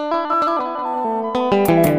Música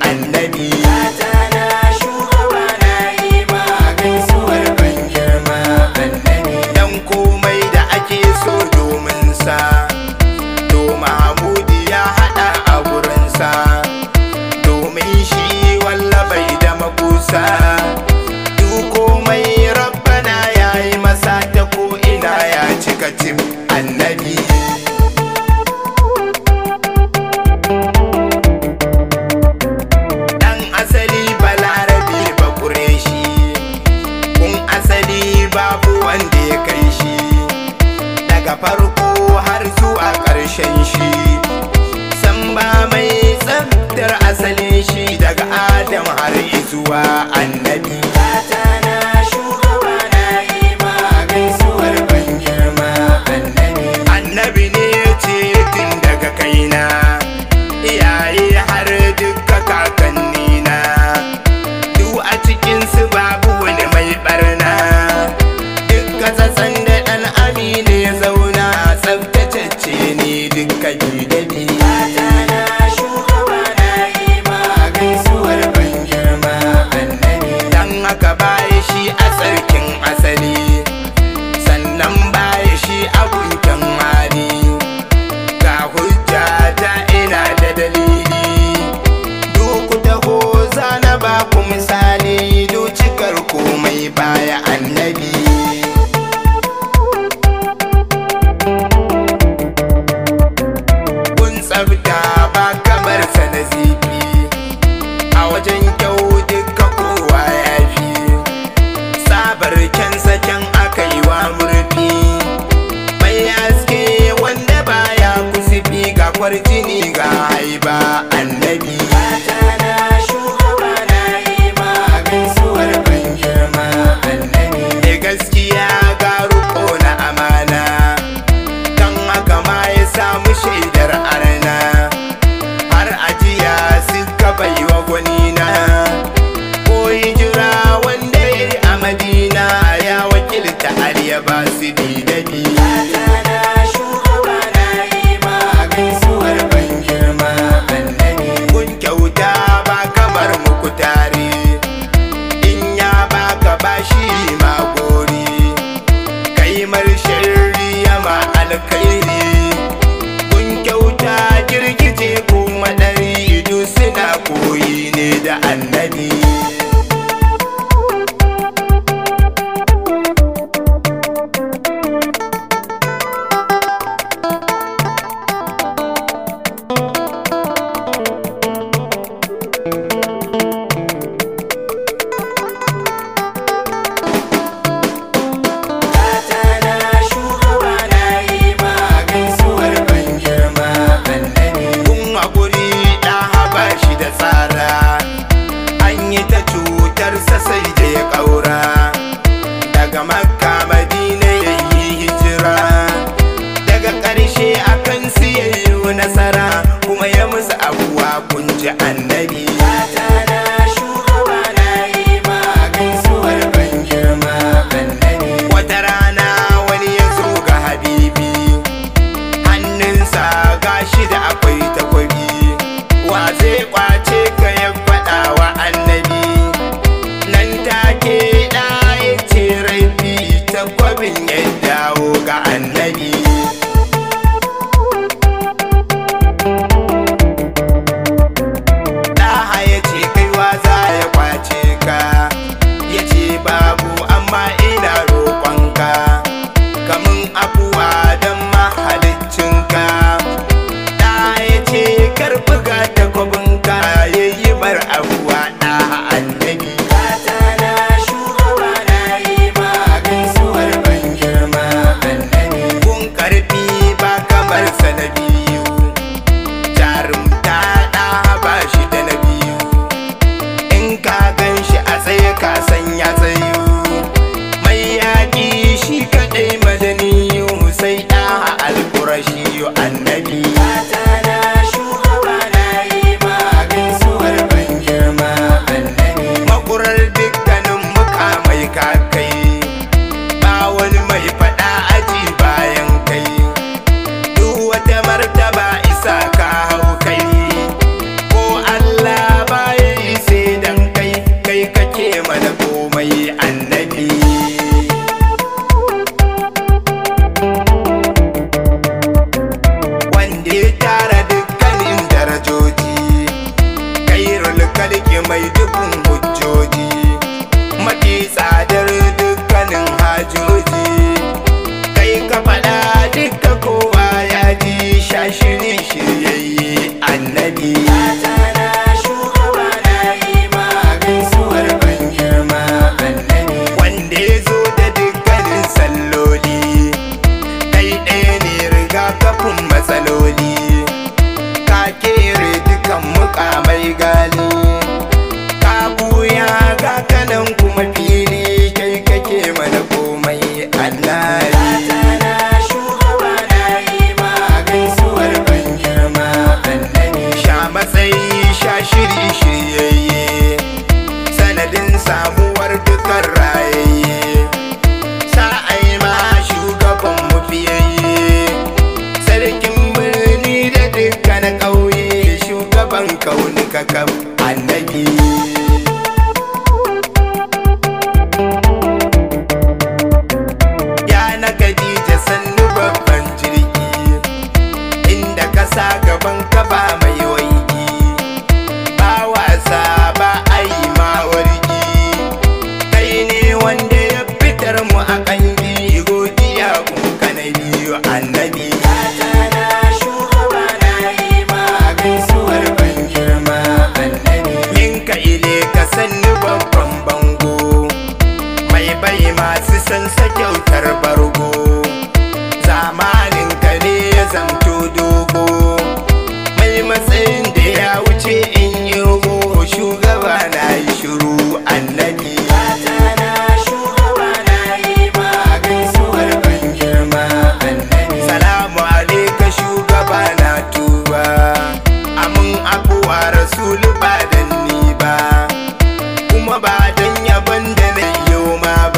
annabi Dan komai da ake so domin sa to mahmudi ya haɗa a gurinsa domin shi wallabai da makusa duk komai rabbana ya yi masa ta ko'ina ya cika tim asali shi daga adam har zuwa annabi you. Wa kun ji annabi and and maybe. dan ya da yau ma